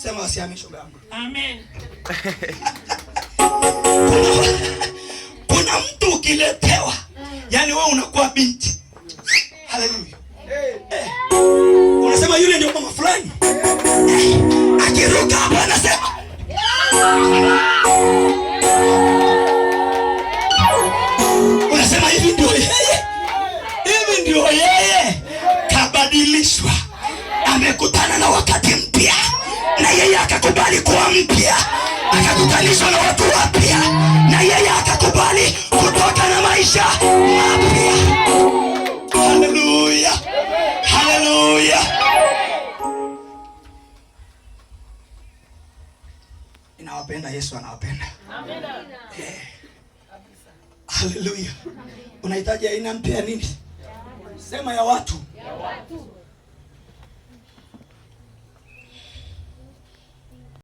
Sema wasiame shoga. Amen. Kuna mtu ukiletewa, yani wewe unakuwa binti. Haleluya. Eh. Unasema yule ndio mama fulani. Eh. Akiruka hapa anasema unasema hivi ndio yeye, hivi ndio yeye kabadilishwa, amekutana na wakati mpya na yeye akakubali kuwa mpya, akakutanishwa na watu wapya, na yeye akakubali kutoka na maisha mapya. Haleluya, haleluya. Inawapenda Yesu, anawapenda Haleluya. Unahitaji aina mpya nini? Sema ya watu, ya watu.